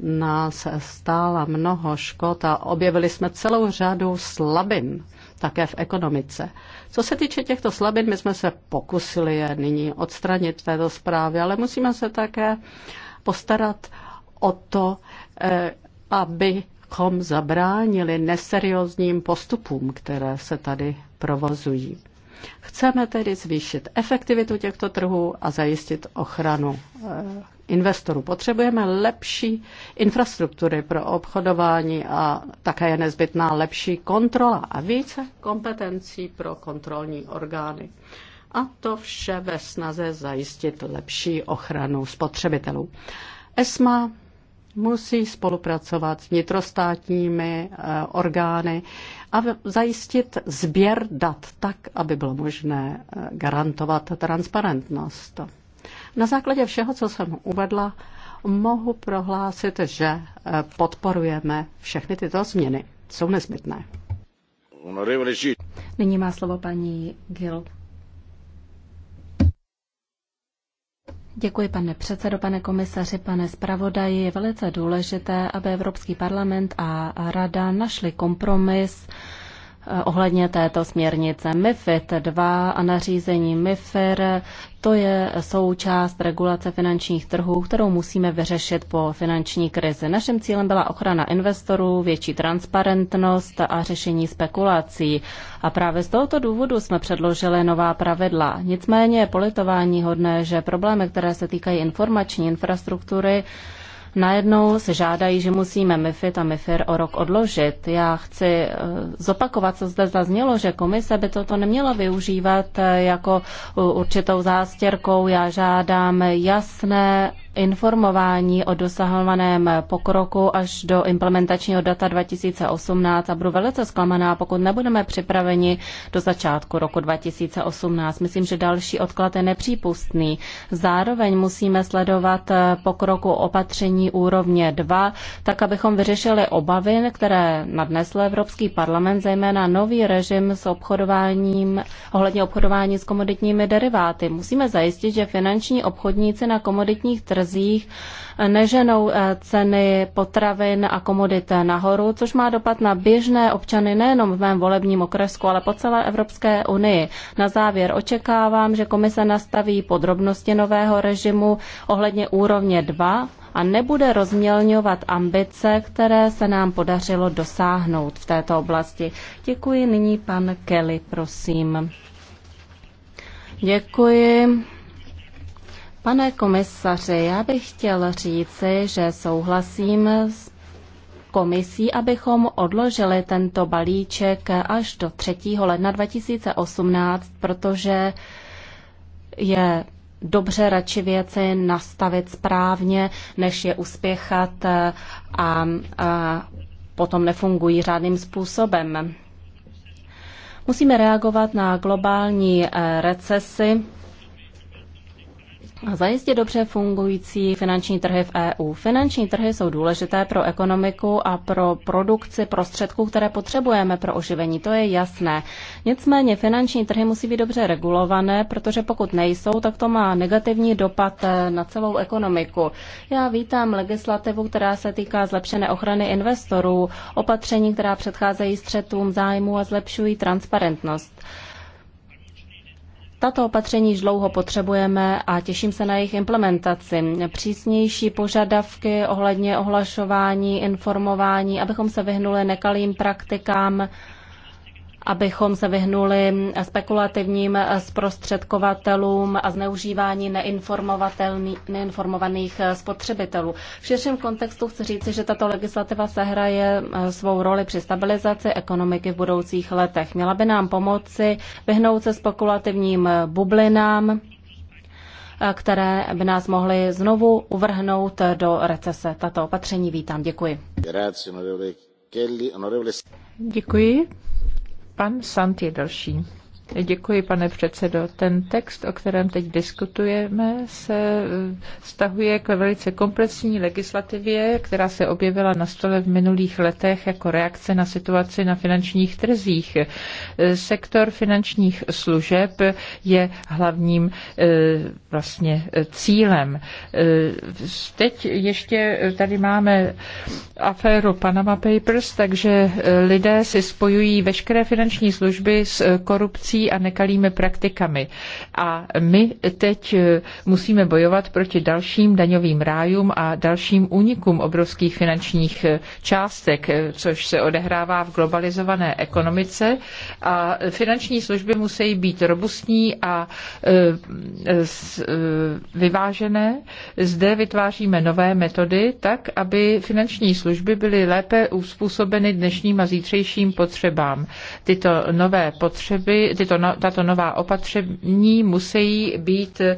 nás stála mnoho škod a objevili jsme celou řadu slabin také v ekonomice. Co se týče těchto slabin, my jsme se pokusili je nyní odstranit v této zprávě, ale musíme se také postarat o to, eh, abychom zabránili neseriózním postupům, které se tady provozují. Chceme tedy zvýšit efektivitu těchto trhů a zajistit ochranu eh, investorů. Potřebujeme lepší infrastruktury pro obchodování a také je nezbytná lepší kontrola a více kompetencí pro kontrolní orgány. A to vše ve snaze zajistit lepší ochranu spotřebitelů. ESMA musí spolupracovat s vnitrostátními eh, orgány a zajistit sběr dat tak, aby bylo možné eh, garantovat transparentnost. Na základě všeho, co jsem uvedla, mohu prohlásit, že eh, podporujeme všechny tyto změny. Jsou nezbytné. Nyní má slovo paní Gil. Děkuji, pane předsedo, pane komisaři, pane zpravodaji. Je velice důležité, aby Evropský parlament a Rada našli kompromis Eh, ohledně této směrnice MIFID 2 a nařízení MIFIR. To je součást regulace finančních trhů, kterou musíme vyřešit po finanční krizi. Naším cílem byla ochrana investorů, větší transparentnost a řešení spekulací. A právě z tohoto důvodu jsme předložili nová pravidla. Nicméně je politování hodné, že problémy, které se týkají informační infrastruktury, najednou se žádají, že musíme MIFID a MIFIR o rok odložit. Já chci eh, zopakovat, co zde zaznělo, že komise by toto neměla využívat eh, jako určitou zástěrkou. Já žádám jasné informování o dosahovaném pokroku až do implementačního data 2018 a budu velice zklamaná, pokud nebudeme připraveni do začátku roku 2018. Myslím, že další odklad je nepřípustný. Zároveň musíme sledovat pokroku opatření úrovně 2, tak abychom vyřešili obavy, které nadnesl Evropský parlament, zejména nový režim s obchodováním, ohledně obchodování s komoditními deriváty. Musíme zajistit, že finanční obchodníci na komoditních trzích trzích, neženou eh, ceny potravin a komodit nahoru, což má dopad na běžné občany nejenom v mém volebním okresku, ale po celé Evropské unii. Na závěr očekávám, že komise nastaví podrobnosti nového režimu ohledně úrovně 2 a nebude rozmělňovat ambice, které se nám podařilo dosáhnout v této oblasti. Děkuji nyní pan Kelly, prosím. Děkuji. Pane komisaři, já bych chtěl říci, že souhlasím s komisí, abychom odložili tento balíček až do 3. ledna 2018, protože je dobře radši věci nastavit správně, než je uspěchat a, a potom nefungují řádným způsobem. Musíme reagovat na globální eh, recesi Zajistit dobře fungující finanční trhy v EU. Finanční trhy jsou důležité pro ekonomiku a pro produkci prostředků, které potřebujeme pro oživení, to je jasné. Nicméně finanční trhy musí být dobře regulované, protože pokud nejsou, tak to má negativní dopad eh, na celou ekonomiku. Já vítám legislativu, která se týká zlepšené ochrany investorů, opatření, která předcházejí střetům zájmu a zlepšují transparentnost. Tato opatření již dlouho potřebujeme a těším se na jejich implementaci. Přísnější požadavky ohledně ohlašování, informování, abychom se vyhnuli nekalým praktikám, abychom se vyhnuli spekulativním zprostředkovatelům a zneužívání neinformovaných eh, spotřebitelů. V širším kontextu chci říci, že tato legislativa sehraje eh, svou roli při stabilizaci ekonomiky v budoucích letech. Měla by nám pomoci vyhnout se spekulativním eh, bublinám, které by nás mohly znovu uvrhnout do recese. Tato opatření vítám. Děkuji. Děkuji. Pan Sant je další. Děkuji, pane předsedo. Ten text, o kterém teď diskutujeme, se stahuje eh, k velice komplexní legislativě, která se objevila na stole v minulých letech jako reakce na situaci na finančních trzích. Eh, sektor finančních služeb je hlavním eh, vlastně cílem. Teď ještě tady máme aféru Panama Papers, takže lidé si spojují veškeré finanční služby s korupcí korupcí a nekalými praktikami. A my teď eh, musíme bojovat proti dalším daňovým rájům a dalším únikům obrovských finančních eh, částek, eh, což se odehrává v globalizované ekonomice. A finanční služby musí být robustní a vyvážené. Zde vytváříme nové metody tak, aby finanční služby byly lépe uspůsobeny dnešním a zítřejším potřebám. Tyto nové potřeby, tyto no, tato nová opatření musí být e,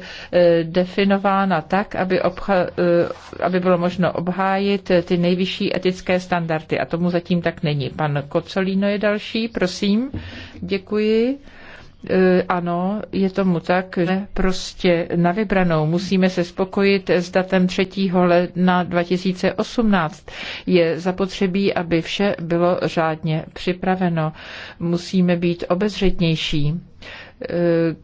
definována tak, aby, obcha, e, aby bylo možno obhájit ty nejvyšší etické standardy. A tomu zatím tak není. Pan Kocolíno je další, prosím. Děkuji. E, ano, je tomu tak, že prostě na vybranou musíme se spokojit s datem 3. ledna 2018. Je zapotřebí, aby vše bylo řádně připraveno. Musíme být obezřetnější e,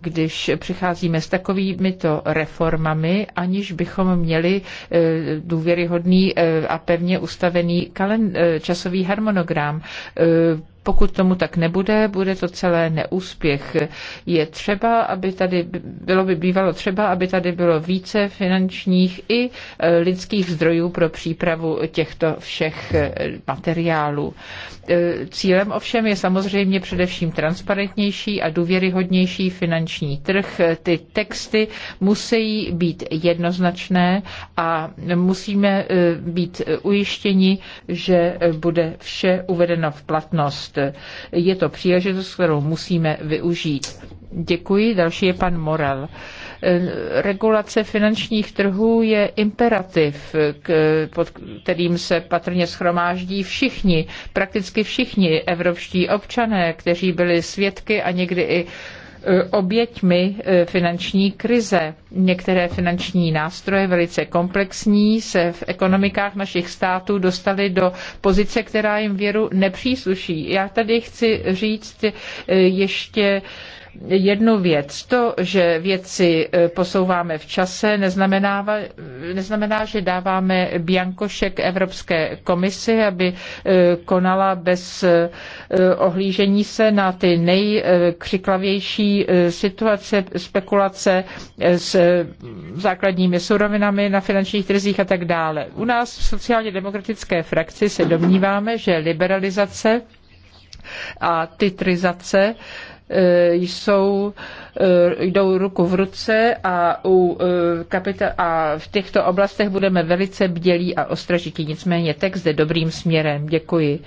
když přicházíme s takovými to reformami, aniž bychom měli e, důvěryhodný a pevně ustavený časový harmonogram pokud tomu tak nebude, bude to celé neúspěch. Je třeba, aby tady bylo by bývalo třeba, aby tady bylo více finančních i e, lidských zdrojů pro přípravu těchto všech e, materiálů. E, cílem ovšem je samozřejmě především transparentnější a důvěryhodnější finanční trh. Ty texty musí být jednoznačné a musíme být ujištěni, že bude vše uvedeno v platnost. Je to příležitost, kterou musíme využít. Děkuji. Další je pan Morel. Regulace finančních trhů je imperativ, pod kterým se patrně schromáždí všichni, prakticky všichni evropští občané, kteří byli svědky a někdy i E, oběťmi e, finanční krize. Některé finanční nástroje, velice komplexní, se v ekonomikách našich států dostaly do pozice, která jim věru nepřísluší. Já tady chci říct e, ještě jednu věc. To, že věci eh, posouváme v čase, neznamená, neznamená že dáváme biankošek Evropské komisi, aby eh, konala bez eh, ohlížení se na ty nejkřiklavější situace, spekulace s základními surovinami na finančních trzích a tak dále. U nás v sociálně demokratické frakci se domníváme, že liberalizace a titrizace Eh, jsou, eh, jdou ruku v ruce a, u eh, kapita- a v těchto oblastech budeme velice bdělí a ostražití. Nicméně text jde dobrým směrem. Děkuji.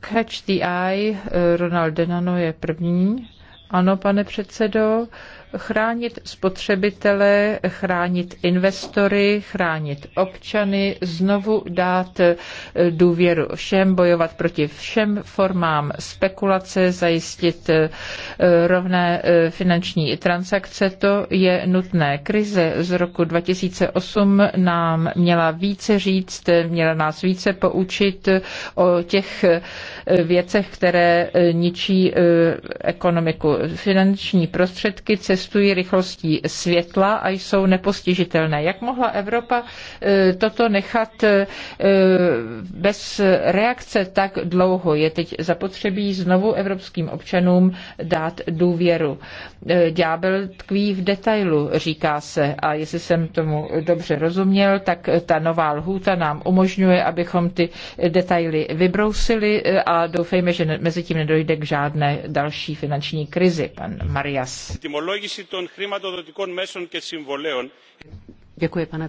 Catch the Eye, Ronald Denano je první. Ano, pane předsedo, chránit spotřebitele, chránit investory, chránit občany, znovu dát eh, důvěru všem, bojovat proti všem formám spekulace, zajistit eh, rovné eh, finanční transakce. To je nutné. Krize z roku 2008 nám měla více říct, měla nás více poučit o těch věcech, které ničí ekonomiku. Finanční prostředky, cesty cestují rychlostí světla a jsou nepostižitelné. Jak mohla Evropa e, toto nechat e, bez reakce tak dlouho? Je teď zapotřebí znovu evropským občanům dát důvěru. E, ďábel tkví v detailu, říká se. A jestli jsem tomu dobře rozuměl, tak ta nová lhůta nám umožňuje, abychom ty detaily vybrousili a doufejme, že mezi tím nedojde k žádné další finanční krizi. Pan Marias pane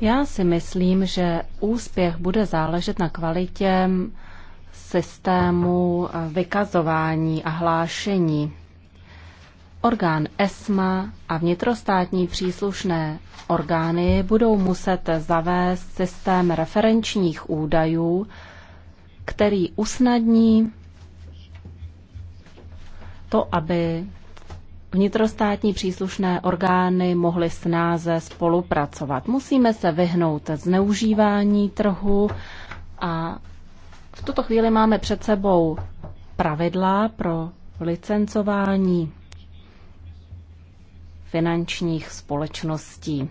Já si myslím, že úspěch bude záležet na kvalitě systému vykazování a hlášení. Orgán ESMA a vnitrostátní příslušné orgány budou muset zavést systém referenčních údajů který usnadní to, aby vnitrostátní příslušné orgány mohly snáze spolupracovat. Musíme se vyhnout zneužívání trhu a v tuto chvíli máme před sebou pravidla pro licencování finančních společností.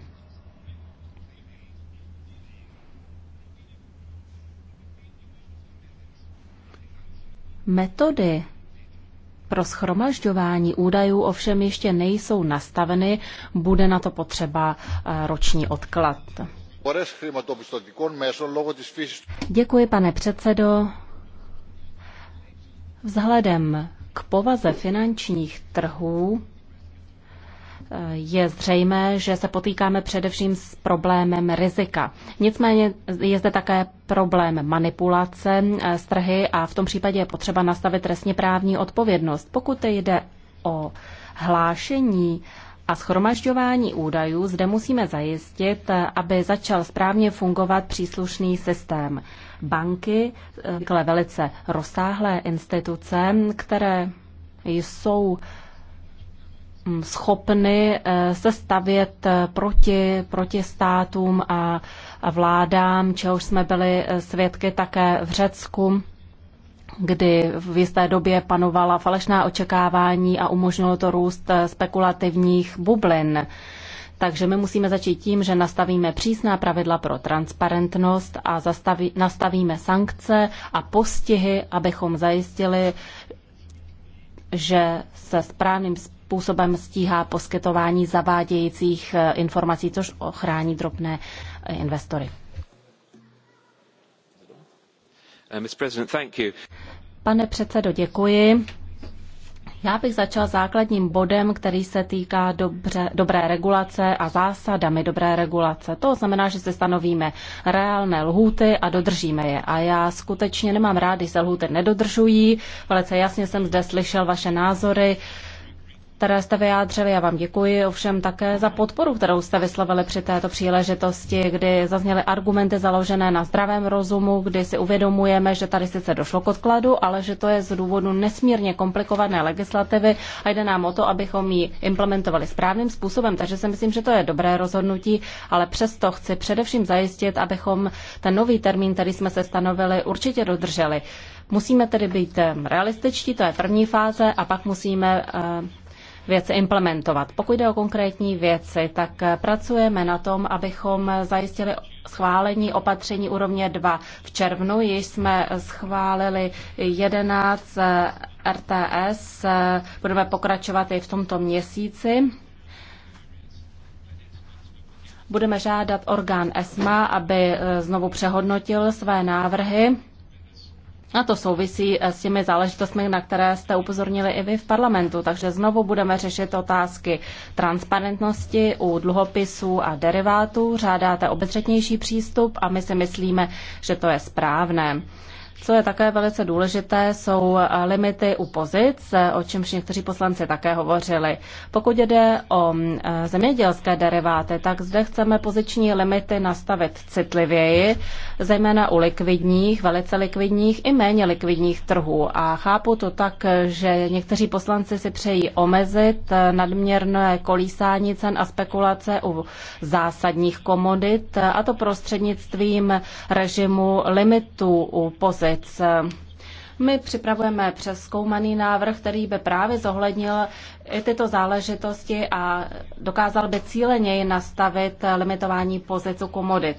Metody pro schromažďování údajů ovšem ještě nejsou nastaveny, bude na to potřeba eh, roční odklad. Děkuji, pane předsedo. Vzhledem k povaze finančních trhů je zřejmé, že se potýkáme především s problémem rizika. Nicméně je zde také problém manipulace eh, s trhy a v tom případě je potřeba nastavit trestně právní odpovědnost. Pokud jde o hlášení a schromažďování údajů, zde musíme zajistit, eh, aby začal správně fungovat příslušný systém. Banky, eh, velice rozsáhlé instituce, které jsou Mm, schopny eh, se stavět eh, proti, proti státům a, a vládám, čehož jsme byli eh, svědky také v Řecku kdy v jisté době panovala falešná očekávání a umožnilo to růst spekulativních bublin. Takže my musíme začít tím, že nastavíme přísná pravidla pro transparentnost a zastaví, nastavíme sankce a postihy, abychom zajistili, že se správným způsobem způsobem stíhá poskytování zavádějících eh, informací, což ochrání drobné eh, investory. Uh, Pane předsedo, děkuji. Já bych začal základním bodem, který se týká dobře, dobré regulace a zásadami dobré regulace. To znamená, že se stanovíme reálné lhůty a dodržíme je. A já skutečně nemám rád, když se lhůty nedodržují. Velice jasně jsem zde slyšel vaše názory. Uh, které jste vyjádřili. Já vám děkuji ovšem také za podporu, kterou jste vyslovili při této příležitosti, kdy zazněly argumenty založené na zdravém rozumu, kdy si uvědomujeme, že tady sice došlo k odkladu, ale že to je z důvodu nesmírně komplikované legislativy a jde nám o to, abychom ji implementovali správným způsobem. Takže si myslím, že to je dobré rozhodnutí, ale přesto chci především zajistit, abychom ten nový termín, který jsme se stanovili, určitě dodrželi. Musíme tedy být eh, realističtí, to je první fáze, a pak musíme eh, věci implementovat. Pokud jde o konkrétní věci, tak pracujeme na tom, abychom zajistili schválení opatření úrovně 2. V červnu již jsme schválili 11 RTS, budeme pokračovat i v tomto měsíci. Budeme žádat orgán ESMA, aby znovu přehodnotil své návrhy a to souvisí eh, s těmi záležitostmi, na které jste upozornili i vy v parlamentu. Takže znovu budeme řešit otázky transparentnosti u dluhopisů a derivátů. řádáte obezřetnější přístup a my si myslíme, že to je správné. Co je také velice důležité, jsou eh, limity u pozic, eh, o čemž někteří poslanci také hovořili. Pokud jde o mm, eh, zemědělské deriváty, tak zde chceme poziční limity nastavit citlivěji, zejména u likvidních, velice likvidních i méně likvidních trhů. A chápu to tak, že někteří poslanci si přejí omezit nadměrné kolísání cen a spekulace u zásadních komodit, a to prostřednictvím režimu limitů u pozic pozic. My připravujeme přeskoumaný návrh, který by právě zohlednil i tyto záležitosti a dokázal by cíleněji nastavit limitování pozic u komodit.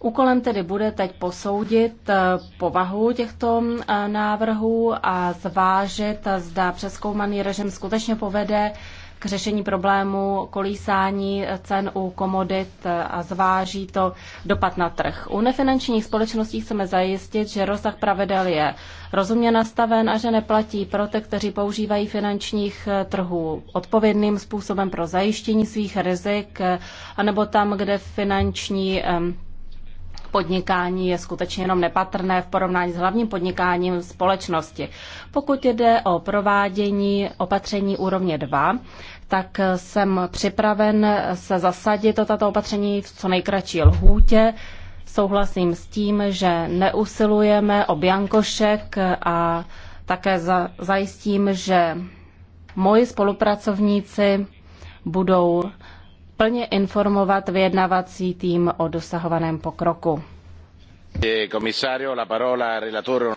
Úkolem tedy bude teď posoudit eh, povahu těchto eh, návrhů a zvážit, zda přeskoumaný režim skutečně povede k řešení problému kolísání cen u komodit a zváží to dopad na trh. U nefinančních společností chceme zajistit, že rozsah pravidel je rozumně nastaven a že neplatí pro ty, kteří používají finančních trhů odpovědným způsobem pro zajištění svých rizik, anebo tam, kde finanční podnikání je skutečně jenom nepatrné v porovnání s hlavním podnikáním společnosti. Pokud jde o provádění opatření úrovně 2, tak jsem připraven se zasadit o tato opatření v co nejkratší lhůtě. Souhlasím s tím, že neusilujeme o biankošek a také za, zajistím, že moji spolupracovníci budou plně informovat vyjednávací tým o dosahovaném pokroku.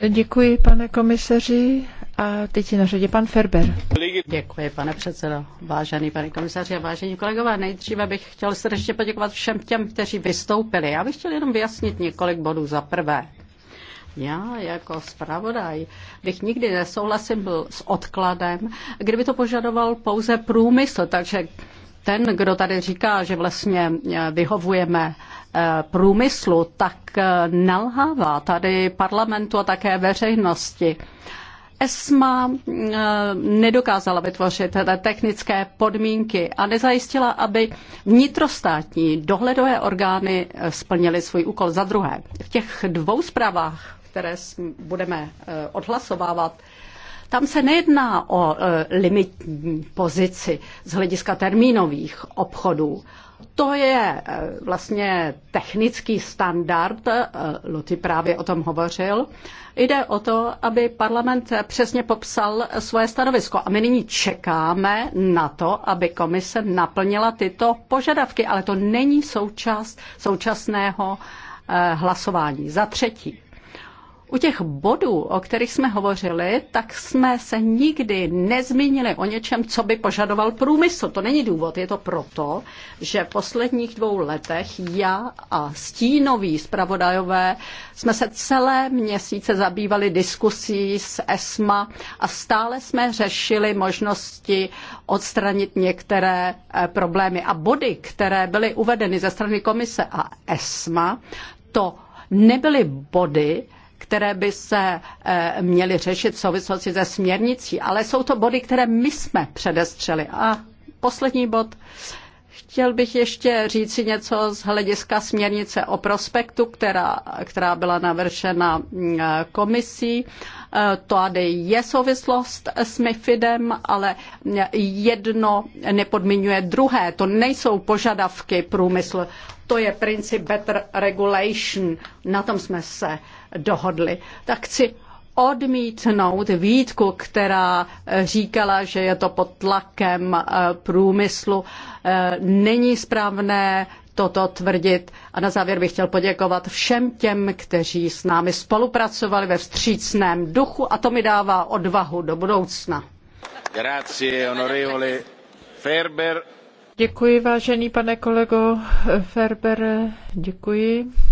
Děkuji, pane komisaři. A teď je na řadě pan Ferber. Děkuji, pane předsedo. Vážený pane komisaři a vážení kolegové, nejdříve bych chtěl srdečně poděkovat všem těm, kteří vystoupili. Já bych chtěl jenom vyjasnit několik bodů. Za prvé, já jako zpravodaj bych nikdy nesouhlasil s odkladem, kdyby to požadoval pouze průmysl, takže ten, kdo tady říká, že vlastně eh, vyhovujeme eh, průmyslu, tak eh, nalhává tady parlamentu a také veřejnosti. ESMA nedokázala vytvořit technické podmínky a nezajistila, aby vnitrostátní dohledové orgány splnily svůj úkol. Za druhé, v těch dvou zprávách, které budeme odhlasovávat, tam se nejedná o e, limitní pozici z hlediska termínových obchodů. To je e, vlastně technický standard, e, Luty právě o tom hovořil. Jde o to, aby parlament přesně popsal svoje stanovisko a my nyní čekáme na to, aby komise naplnila tyto požadavky, ale to není součást současného hlasování. Za třetí, u těch bodů, o kterých jsme hovořili, tak jsme se nikdy nezmínili o něčem, co by požadoval průmysl. To není důvod, je to proto, že v posledních dvou letech já a stínoví zpravodajové jsme se celé měsíce zabývali diskusí s ESMA a stále jsme řešili možnosti odstranit některé eh, problémy. A body, které byly uvedeny ze strany komise a ESMA, to nebyly body, které by se eh, měly řešit v souvislosti se směrnicí, ale jsou to body, které my jsme předestřeli. A poslední bod. Chtěl bych ještě říci něco z hlediska směrnice o prospektu, která, která byla navržena eh, komisí. Eh, to ady je souvislost s MIFIDem, ale jedno nepodmiňuje druhé. To nejsou požadavky průmyslu, to je princip better regulation. Na tom jsme se dohodli. Tak chci odmítnout výtku, která eh, říkala, že je to pod tlakem eh, průmyslu. Eh, není správné toto tvrdit. A na závěr bych chtěl poděkovat všem těm, kteří s námi spolupracovali ve vstřícném duchu a to mi dává odvahu do budoucna. Grazie, Ferber. Děkuji, vážený pane kolego Ferber, děkuji.